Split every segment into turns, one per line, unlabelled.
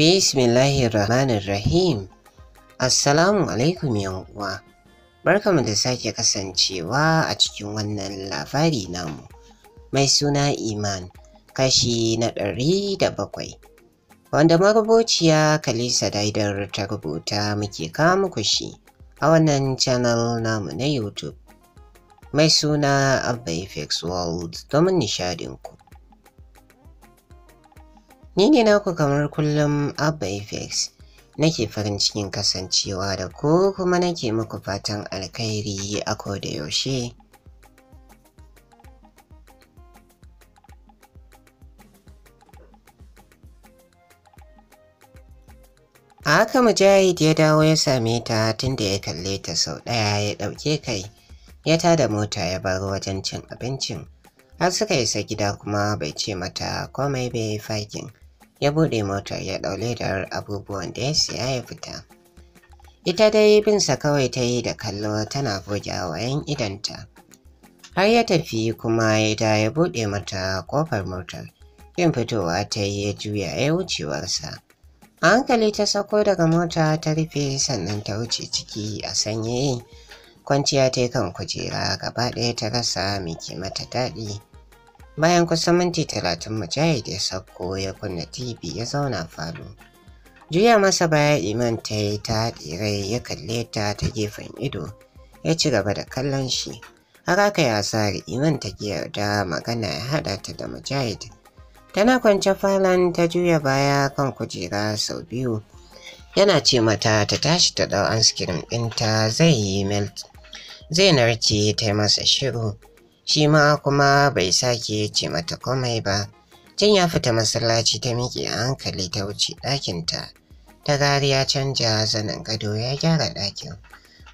Bismillahirrahmanirrahim. Assalamu alaikum uwa. Barkamu da sake kasancewa a cikin wannan labari namu. Mai suna Iman, kashi na ɗari da bakwai. Wanda marubuciya Kalisa Daidar ta rubuta muke kama kushi shi a wannan channel namu na YouTube. Mai suna Abba Effects World domin nishadinku. Ni ne naku kamar kullum Abba FX. Nake farin cikin kasancewa da ku kuma nake muku fatan alkhairi a da yaushe. A haka Mujahid ya dawo ya same ta tunda ya kalle ta sau ɗaya ya ɗauke kai, ya tada mota ya bar wajen cin abincin. Har suka isa gida kuma bai ce mata komai bai fakin. Ya buɗe motar ya ɗau da abubuwan da ya siya ya fita. Ita dai binsa kawai ta yi da kallo tana goge wayan idanta. Har ya tafi kuma ya da ya buɗe mata kofar motar. Yin fitowa ta yi ya juya ya wucewarsa. A hankali ta sako daga mota ta rufe sannan ta wuce ciki a sanyayi kwanciya ta kan kujera gaba ɗaya ta rasa miki mata daɗi Bayan kusan minti talatin Mujahid ya sauko ya kunna TV ya zauna falo. Juya masa baya Iman ta yi ta rai ya kalle ta ta gefen ido ya ci gaba da kallon shi. Haka ka ya asari Iman ta ki yarda magana ya haɗa ta da Mujahid. Tana kwance falon ta juya baya kan kujera sau biyu. Yana ce mata ta tashi ta ɗau an cream ɗinta zai yi melt. Zai narke ta yi masa shiru. shi ma kuma bai sake ce mata komai ba. Can ya fita masallaci ta miƙe a hankali ta wuce ɗakinta. Ta gari ya canja zanen gado ya gyara ɗakin.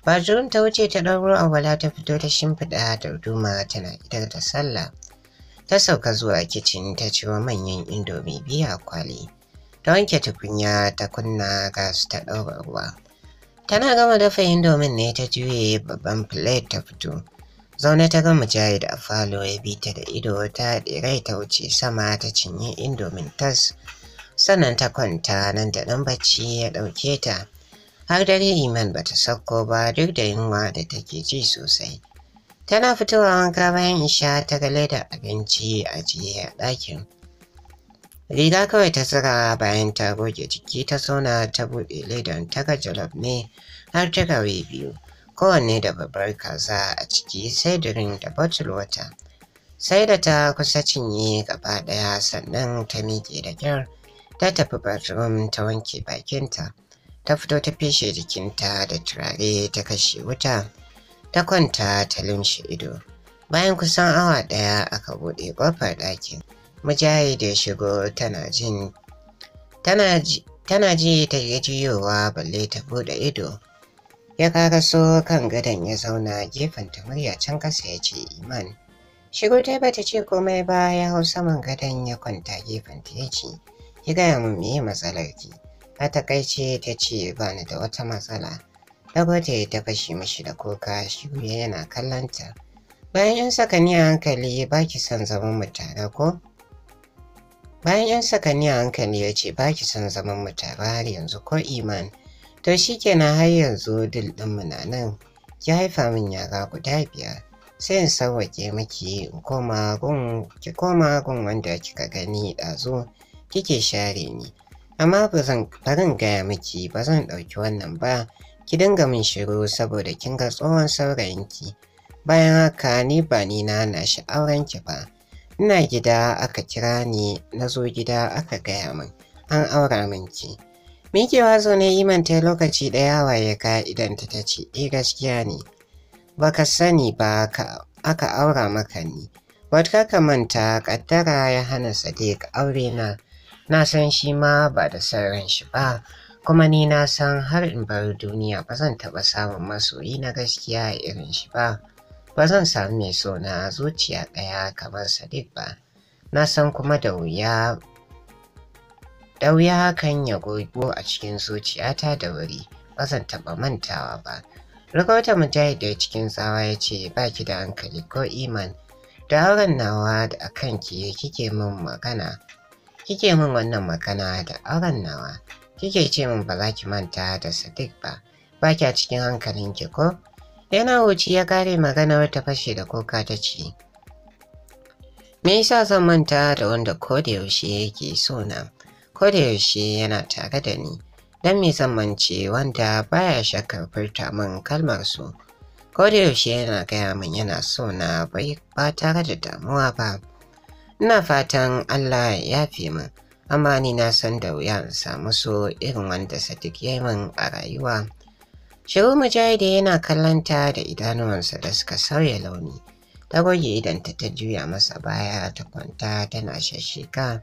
Bajirin ta wuce ta ɗauro a wala ta fito ta shimfiɗa da duma tana idar da sallah. Ta sauka zuwa kicin ta ciwo manyan indomi biya kwali. Ta wanke tukunya ta kunna gas ta ɗaura ruwa. Tana gama dafa indomin ne ta juye babban filet ta fito. Zaune ta ga Mujahid a falo ya bi ta da ido ta rai ta wuce sama ta cinye indomin tas. Sannan ta kwanta nan da nan bacci ya ɗauke ta. Har dare Iman bata sauko ba duk da yunwa da take ji sosai. Tana fitowa wanka bayan isha ta ga da abinci a jiye a ɗakin. Riga kawai ta tsira bayan ta goge jiki ta zauna ta buɗe ledan ta ga jalof ne har ta gawe biyu. kowanne da babbar kaza a ciki sai rin da bottle water. Sai da ta kusa cinye gaba ɗaya sannan ta miƙe da kyar ta tafi bathroom ta wanke bakinta. Ta fito ta feshe jikinta da turare ta kashe wuta. Ta kwanta ta lumshe ido. Bayan kusan awa ɗaya aka buɗe ƙofar ɗakin. da ya shigo tana jin tana ji ta jiyowa balle ta buɗe ido. ya so kan gadon ya zauna gefen ta murya can kasa ya ce iman shigo ta bata ce komai ba ya hau saman gadon ya kwanta gefen ta ya ce ki gaya min meye matsalar ki a takaice ta ce ba da wata matsala ya ta fashe mishi da kuka shi yana kallon bayan yan sakani a hankali ba ki son zaman mu tare ko bayan yan sakani a hankali ya ce ba ki son zaman mu tare har yanzu ko iman To shi kenan har yanzu dil ɗinmu na nan, ki haifa min yara guda biyar. Sai in sauwaƙe miki in koma gun ki koma gun wanda kika gani ɗazu kike share ni. Amma ba zan barin gaya miki ba zan ɗauki wannan ba ki dinga min shiru saboda kin ga tsohon saurayinki. Bayan haka ni ba ni na na sha'auranki ba. Ina gida aka kira ni nazo gida aka gaya min an aura min ki. Mikewa zaune Iman ta lokaci ɗaya waye ka idan ta ta ce, "E gaskiya ne, Ba ka sani ba aka aura maka ni." Wata ka manta ƙaddara ya hana Sadiq aure na, na san shi ma ba da san shi ba, kuma ni na san har in bar duniya ba zan taɓa samun masoyi na gaskiya irin shi ba. Ba zan sami mai so na zuciya ɗaya kamar Sadiq ba, na san kuma da wuya ɗauya hakan ya gogo a cikin zuciyata da wuri, ba zan taɓa mantawa ba. Rikota Mujahid da cikin tsawa ya ce ba ki da hankali ko iman, da auren nawa da a kanki kike min magana. Kike min wannan magana da auren nawa, kike ce min ba za ki manta da Sadiq ba, ba ki a cikin hankalin ki, ko? Yana wuce ya kare magana ta fashe da kuka ta ce, Me yasa zan manta da wanda ko da yaushe yake so na? kodayaushe yana tare da ni don mai zamance wanda baya shakar furta min kalmar su kodayaushe yana gaya min yana so na bai ba tare da damuwa ba ina fatan Allah ya fi min amma ni na san da wuya in samu so irin wanda Sadiq ya yi min a rayuwa Shiru Mujahide yana kallanta da idanuwansa da suka sauya launi, ta goge idanta ta juya masa baya ta kwanta tana shashika.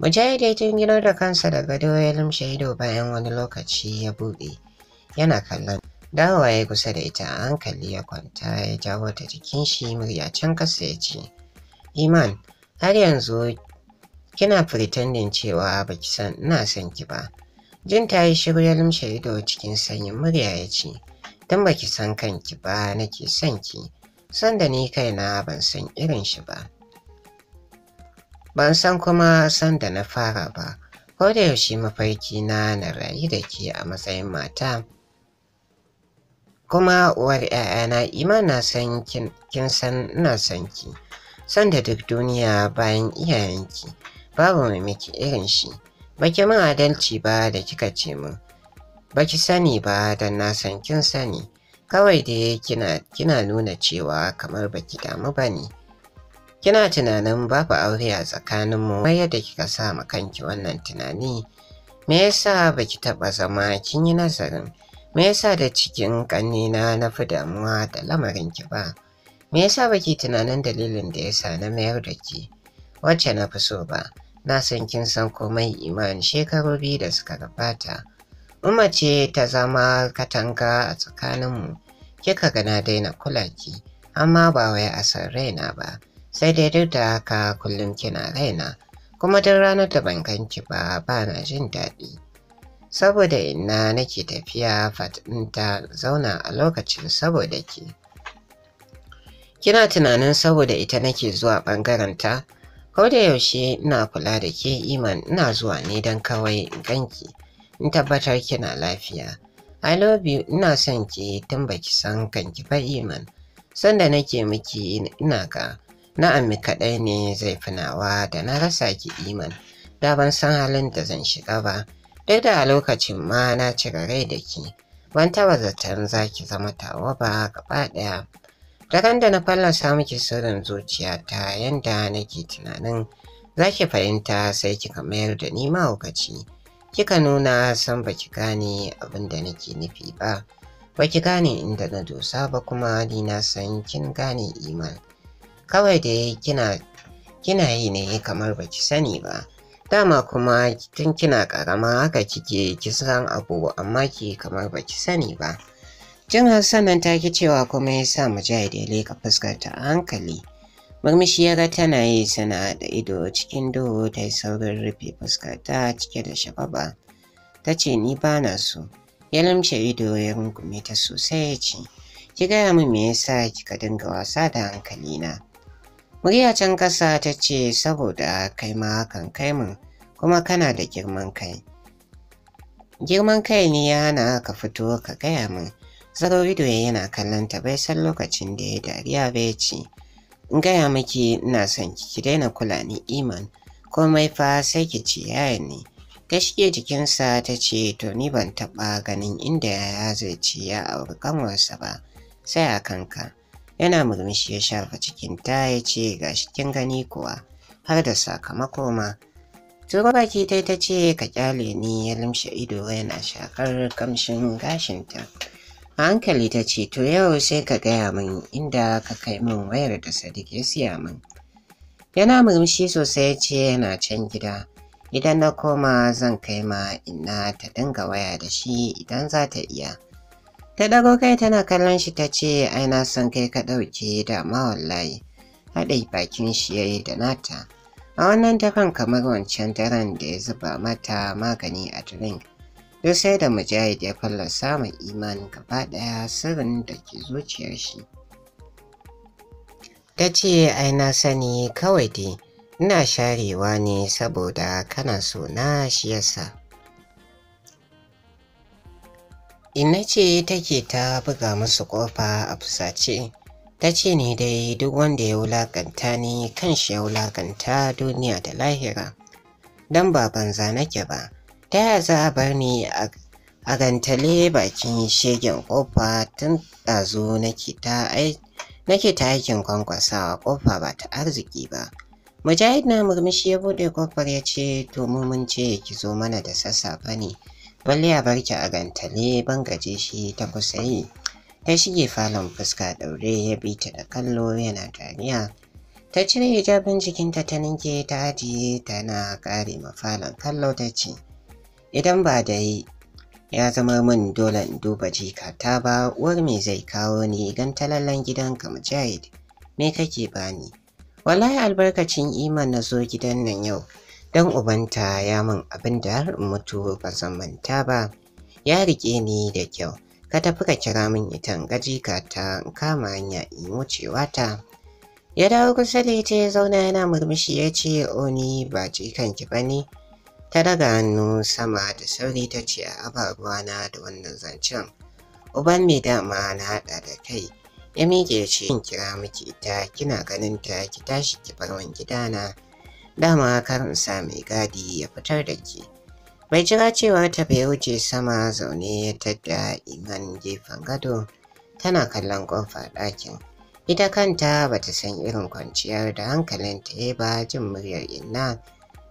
Mujahid ya jingino da kansa da gado ya lumshe ido bayan wani lokaci ya buɗe. Yana kallon dawowa ya kusa da ita a hankali ya kwanta ya jawo ta jikin shi murya can kasa ya ce, Iman, har yanzu kina pretending cewa ba ki san ina son ki ba. Jin ta yi shiru ya lumshe ido cikin sanyin murya ya ce, Tun ba ki san kanki ba nake son ki, son da ni kaina ban san irin shi ba. ban san kuma san da na fara ba ko da yaushe mafarki na na rayu da ke a matsayin mata kuma uwar 'ya'yana ima na san kin san ina san ki san da duk duniya bayan iyayenki babu mai miki irin shi baki min adalci ba da kika ce min baki sani ba don na san kin sani kawai dai kina kina nuna cewa kamar baki damu bane Kina tunanin babu aure a tsakaninmu mu yadda kika sa ma kanki wannan tunani? Me yasa baki taba zama kin yi nazarin? Me yasa da cikin ƙannina na fi damuwa da lamarin ki ba? Me yasa baki tunanin dalilin da yasa na mayar da ki? Wacce na fi so ba, na san kin san komai imani shekaru biyu da suka gabata. Umma ce ta zama katanga a tsakaninmu, kika ga na daina kula ki, amma ba wai a san raina ba. sai dai duk da haka kullum kina raina kuma duk ranar da ban ganki ba ba na jin daɗi saboda ina nake tafiya fatinta zauna a lokacin saboda ke kina tunanin saboda ita nake zuwa ɓangarenta ko da yaushe ina kula da ke iman ina zuwa ne don kawai ganki in tabbatar kina lafiya I love you ina son ki tun baki san kanki ba iman sanda nake miki ina ka Na'ammi kaɗai ne zai fi nawa da na rasa ki iman da ban san halin da zan shiga ba duk da a lokacin ma na cire rai da ki ban taba zaton za ki zama tawa ba gaba ɗaya daren da na fallasa miki sirrin zuciyata yanda nake tunanin za ki fahimta sai kika mayar da ni mahaukaci kika nuna san baki gane abin da nake nufi ba baki gane inda na dosa ba kuma ni na san kin gane iman kawai dai kina kina yi ne kamar baki sani ba dama kuma tun kina karama haka kike kisan abu amma ki kamar baki sani ba jin hassanan ta ki cewa kuma ya sa mu mujahid ya leka fuskarta a hankali murmushi ya ga tana yi sana da ido cikin duhu ta yi saurin rufe fuskarta cike da shababa ta ce ni ba na so ya lamce ido ya rungume ta sosai ya ce ki gaya min me yasa kika dinga wasa da hankalina Murya can ƙasa ta ce saboda kai ma kan kai mun kuma kana da girman kai. Girman kai ne ya hana ka fito ka gaya min. Zaro ido yana kallon ta bai san lokacin da ya dariya bai ce. In gaya miki ina son ki ki daina kula ni iman komai fa sai ki ci yaya ne. Ta shige jikinsa ta ce to ni ban taɓa ganin inda yaya zai ci ya auri kanwarsa ba sai a kanka. yana murmushi ya shafa cikinta ya ce ga kin gani kuwa har da sakamako ma turo baki ta ta ce ka kyale ni ya limshe ido yana shakar kamshin gashinta a hankali ta ce to yau sai ka gaya min inda ka kai min wayar da sadiq ya siya min yana murmushi sosai ya ce yana can gida idan na koma zan kai ma ina ta dinga waya da shi idan za ta iya Ta ɗago kai tana kallon shi ta ce ai na kai ka ɗauke da mawallahi. Haɗe bakin shi ya da nata. A wannan daren kamar wancan daren da ya zuba mata magani a drink. Duk sai da Mujahid ya falla samun iman gaba ɗaya sirrin da ke zuciyar shi. Ta ce ai sani kawai dai ina sharewa ne saboda kana so na shi yasa. Inna ce take ta buga musu ƙofa a fusace. Ta ce ni dai duk wanda ya wulakanta ni kan shi ya wulakanta duniya da lahira. dan ba banza nake ba, ta yaya za a bar ni a gantale bakin shegen ƙofa tun ɗazu nake ta aikin kwankwasawa ƙofa ba ta arziki ba. Mujahid na murmushi ya buɗe kofar ya ce to mun ce ki zo mana da sassafe ne. Balle ya barki a gantale gaje shi ta kusa yi. Ta shige falon fuska daure ya bi ta da kallo yana tariya Ta cire hijabin jikinta ta ninke ta ajiye tana kare ma falon kallo ta ce, Idan ba da yi ya zama mun dole in duba jikata ba uwar me zai kawo ni gan talallan ka mujahid me kake bani wallahi albarkacin iman na zo gidan nan yau Dan ubanta ya min abin da har in mutu ba zan manta ba. Ya rike ni da kyau. Ka tafi ka kira min ita in gaji ka ta in kama hanya in wucewa ta. Ya dawo kusa da ita ya zauna yana murmushi ya ce 'O ni ba kanki ba ne. Ta daga hannu sama da sauri ta ce a na da wannan zancen. Uban mai dama na haɗa da kai. Ya miƙe ya ce in kira miki ita kina ganin ta ki tashi ki bar gida na.' dama karin sa mai gadi ya fitar da ke. Mai jira cewa ta bai wuce sama zaune ya tadda iman gefen gado tana kallon ƙofar ɗakin. Ita kanta bata san irin kwanciyar da hankalinta ya ba jin muryar inna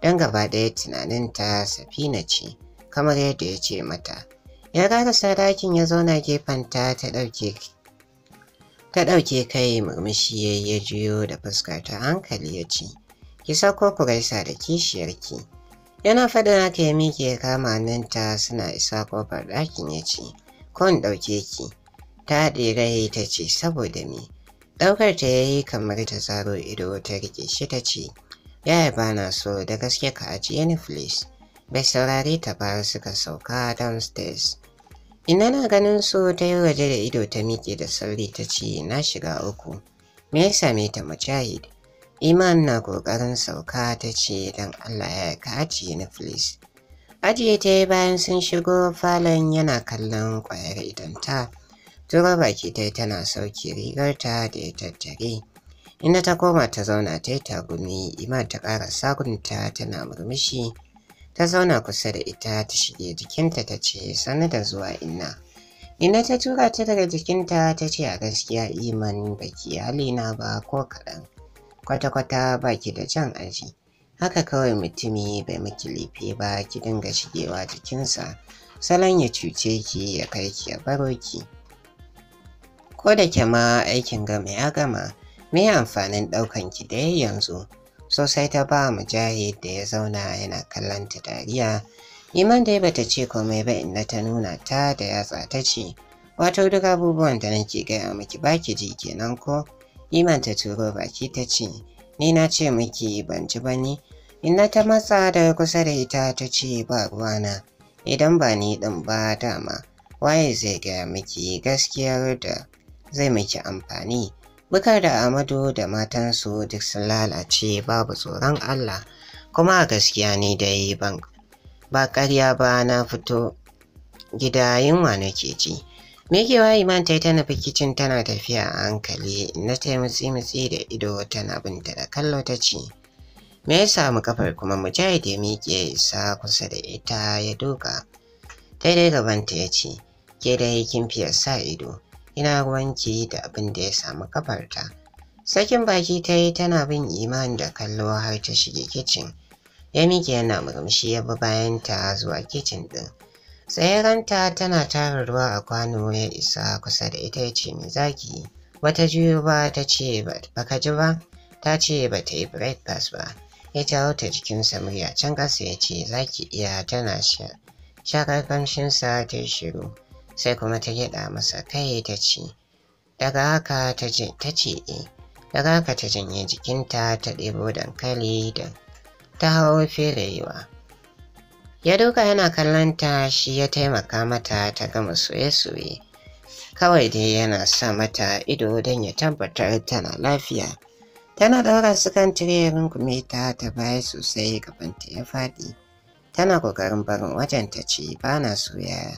don gaba ɗaya tunaninta safina ce kamar yadda ya ce mata. Ya karasa ɗakin ya zauna gefenta ta ɗauke ta ɗauke kai murmushi ya juyo da fuskar ta hankali ya ce. ki ko ku gaisa da kishiyarki. Yana faɗin haka ya mike ya kama ninta suna isa kofar ɗakin ya ce, Kon ɗauke ki, ta ɗira yi ta ce saboda me. Ɗaukar ta ya yi kamar ta zaro ido ta rike shi ta ce, Yaya ba na so da gaske ka ajiye ni please. Bai saurare ta ba suka sauka downstairs. Ina na ganin su ta yi waje da ido ta miƙe da sauri ta ce na shiga uku. Me ya same ta mujahid? Iman na ƙoƙarin sauka ta ce don Allah ya kaci ni filis. Ajiye ta yi bayan sun shigo falon yana kallon ƙwayar idanta. Tura baki ta tana sauke rigarta da ya tattare. Inda ta koma ta zauna ta yi tagumi, Iman ta ƙara ta tana murmushi. Ta zauna kusa da ita ta shige jikinta ta ce "Sani da zuwa inna. Ina ta tura ta daga jikinta ta ce a gaskiya Iman baki halina ba ko kaɗan. kwata-kwata ba ki da jan aji. Haka kawai mutumi bai miki laifi ba ki dinga shigewa jikinsa, salon ya cuce ki ya kai ki ya baro ki. Ko da ke ma aikin gama ya gama, me amfanin ɗaukan ki da yanzu? Sosai ta ba mu mujahid da ya zauna yana kallon ta dariya. Iman dai bata ce komai ba inda ta nuna ta da yatsa ta ce, wato duk abubuwan da nake gaya miki baki ji kenan ko? Iman ta turo baki ta ce, Ni na ce miki ban ci ba ni? Inna ta matsa da kusa da ita ta ce ba ruwana, idan ba ni ɗin ba dama, waye zai gaya miki gaskiyar da zai miki amfani. Bukar da Amadu da matansu duk sun lalace babu tsoron Allah, kuma a gaskiya ni dai ban ba ƙarya ba na fito gida yunwa nake ji. Mekewa Iman ta yi ta nufi kicin tana tafiya a hankali na ta yi mutsi-mutsi da ido tana binta da kallo ta ce, Me ya samu kafar kuma Mujahid ya miƙe isa kusa da ita ya duka. Daidai gabanta ya ce, Ke da kin fiye sa ido, ina ruwanki da abin da ya samu kafarta. Sakin baki ta yi tana bin Iman da kallo har ta shige kicin. Ya miƙe yana murmushi ya bi bayanta zuwa kicin ɗin. Tsayaranta tana tara ruwa a kwano ya isa kusa da ita ya ce mai zaki. Wata juyo ba ta ce baka ji ba, ta ce ba ta yi breakfast ba. Ya jawo ta jikinsa murya can kasa ya ce zaki iya tana shakar kamshinsa ta yi shiru. Sai kuma ta gyaɗa masa kai ta ce, daga haka ta ce e. Daga haka ta janye jikinta ta ɗebo dankali da ta hawo ferewa. ya duka yana kallon ta shi ya taimaka mata ta gama soye-soye kawai dai yana sa mata ido don ya tabbatar tana lafiya tana ɗaura su kan tirerin rungume ta baya sosai gaban ta ya faɗi tana ƙoƙarin barin wajen ta ce ba na soya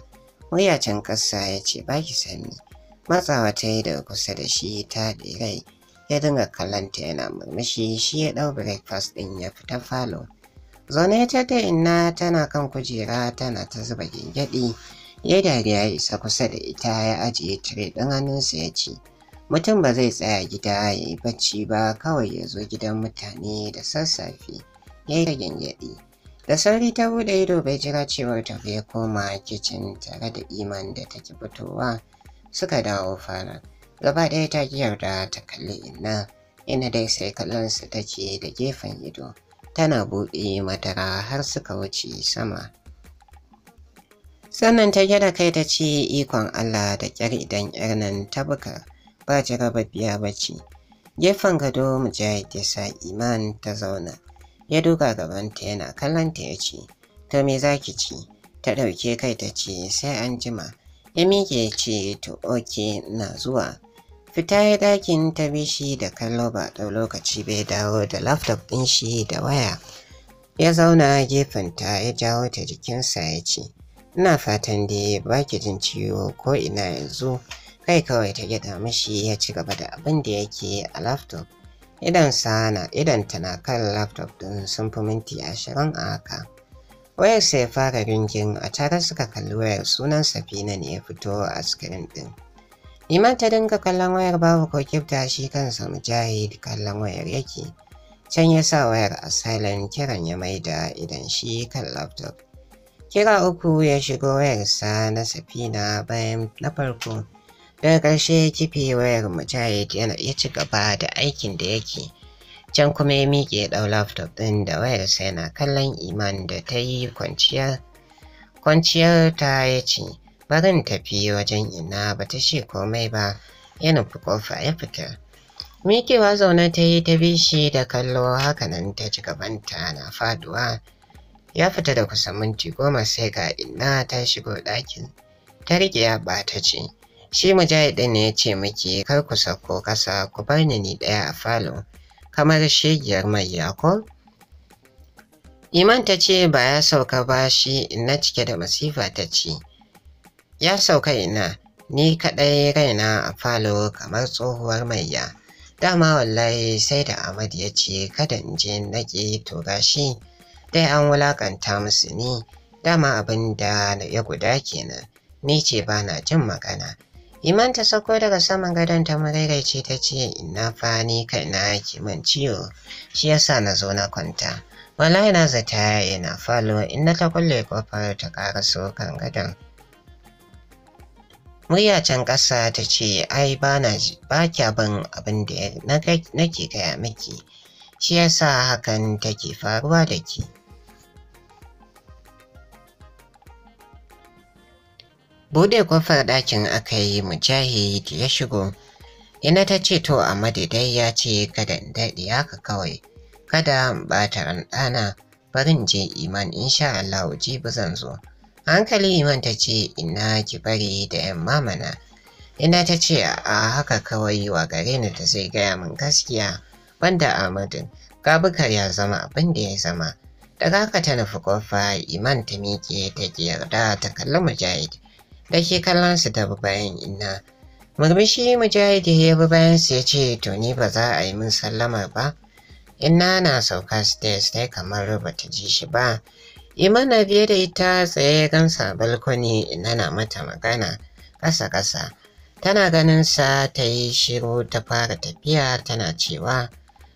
wuyacin ƙasa ya ce ba ki sani matsawa ta yi daga kusa da shi ta rai ya dinga kallonta yana murmushi shi ya dau breakfast ɗin ya fita falo. Zaune ta da inna tana kan kujera tana ta zuba gyangyaɗi. Ya dariya ya isa kusa da ita ya ajiye tire ɗin hannunsa ya ce, Mutum ba zai tsaya gida ya yi bacci ba kawai ya zo gidan mutane da sassafe. Ya yi gyangyaɗi. Da sauri ta bude ido bai jira cewar ta ya koma kicin tare da iman da take fitowa suka dawo fara. Gaba ɗaya ta yarda ta kalli inna, ina dai sai kallonsa take da gefen ido. tana buɗe matara har suka wuce sama. Sannan ta gyara kai ta ce ikon Allah da ƙyar idan ƴar nan ta buka ba biya ba ce. Gefen gado Mujahid ya sa Iman ta zauna. Ya duka gabanta yana kallonta ya ce, To me za ki ci? Ta ɗauke kai ta ce sai an jima. Ya miƙe ya ce, To oke na zuwa. Fita ya dakin ta bi shi da kallo ba ɗau lokaci bai dawo da laptop ɗin shi da waya. Ya zauna gefen ta ya jawo ta jikinsa ya ce, Ina fatan da ba ki jin ciwo ko ina yanzu. Kai kawai ta gyaɗa mashi ya ci gaba da abin da yake a laptop. sa na ta na kan laptop ɗin sun fi minti ashirin a haka. Wayarsa ya fara ringin a tare suka kalli wayar sunan Safina ne ya fito a screen ɗin. Iman ta dinga kallon wayar babu ko kifta shi kansa mujahid kallon wayar yake. Can ya sa wayar a silent kiran ya maida idan shi kan laptop. Kira uku ya shigo wayarsa na safina bayan na farko. Daga ƙarshe kife wayar mujahid yana ya ci gaba da aikin da yake. Can kuma ya miƙe ɗau laptop ɗin da wayarsa yana kallon iman da ta yi kwanciyar kwanciyar ta ya ce barin tafi wajen ina ba ta ce komai ba ya nufi kofa ya fita mikewa zaune ta yi ta bi shi da kallo hakanan ta ci gabanta na faduwa ya fita da kusa minti goma sai ga ina ta shigo ɗakin ta riƙe ya ɓata ce shi mujahid ne ya ce miki kar ku sako kasa ku bar ni ni ɗaya a falo kamar shegiyar mai ko? iman ta ce ba ya sauka ba shi na cike da masifa ta ce Ya sauka ina, ni kaɗai raina a falo kamar tsohuwar maiya. Dama wallahi sai da amad ya ce kada in je naƙi to gashi dai an wulaƙanta musu ni. Dama abin da ya guda kenan, ni ce ba na jin magana. Iman ta sauko daga saman gadon ta marairaice ta ce ina fa ni kaina ke min ciwo shi yasa na zo na kwanta. Wallahi na zata yana falo in ta kulle kofar ta ƙara kan gadon. murya ƙasa ta ce ai ba na ba kya bin abin da nake gaya miki shi yasa hakan take faruwa da ke Bude kwafar ɗakin aka yi mujahid ya shigo ina ta ce to a dai ya ce kada in daɗe haka kawai kada ba ta ɗana bari in je iman sha Allah jibi zan zo A hankali Iman ta ce, Ina ki bari da yamma mana. Ina ta ce, A haka kawai wa gare ni ta zai gaya min gaskiya. Banda Ahmadin, Gabukar ya zama abin da ya zama. Daga haka ta nufi kofa Iman ta miƙe ta ke yarda ta kalli Mujahid. Da ke kallon su ta bi bayan ina. Murmushi Mujahid ya bi bayan su ya ce to ni ba za a yi min sallamar ba. ina na sauka stairs ta kamar ba ta ji shi ba. Imana biye da ita tsaye gansa balkoni nana mata magana Kasa-kasa Tana ganin sa ta yi shiru ta fara tafiya tana cewa,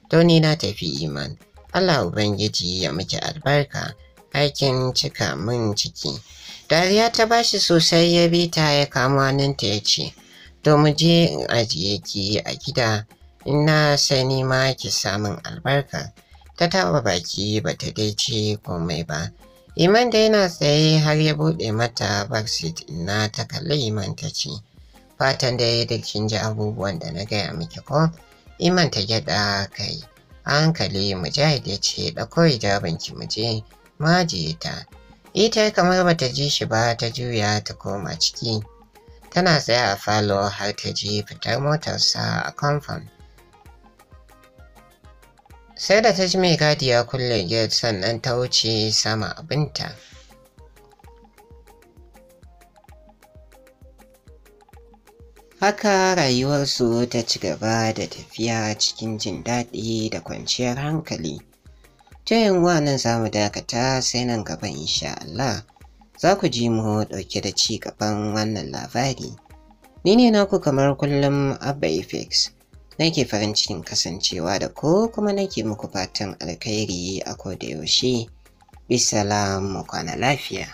Toni na tafi Iman, Allah Ubangiji ya miki albarka, aikin cika min ciki. Dariya ta bashi sosai ya bi ta ya kamo hannunta ya ce, To mu je in ajiye ki a gida, ina sai sani ma ki samun albarka. Ta taba baki bata dai ce komai ba. Iman da yana tsaye har ya buɗe mata barsit na ta kalli Iman ta ce, Fatan da ya ji abubuwan da na gaya miki ko? Iman ta gyaɗa kai. A hankali Mujahid ya ce ɗauko hijabinki mu je ta. Ita kamar bata ji shi ba ta juya ta koma ciki. Tana tsaye a falo har ta ji fitar motarsa a kamfan. sai da ta ji mai gadi ya kulle gate sannan ta wuce sama abinta haka rayuwarsu ta ci gaba da tafiya cikin jin daɗi da kwanciyar hankali Ta jayin nan za mu dakata sai nan gaba insha Allah za ku ji mu ɗauke da ci gaban wannan labari ni ne naku kamar kullum abba nake farin cikin kasancewa da ku kuma nake muku fatan alkhairi a koda yaushe bisalamu kwana lafiya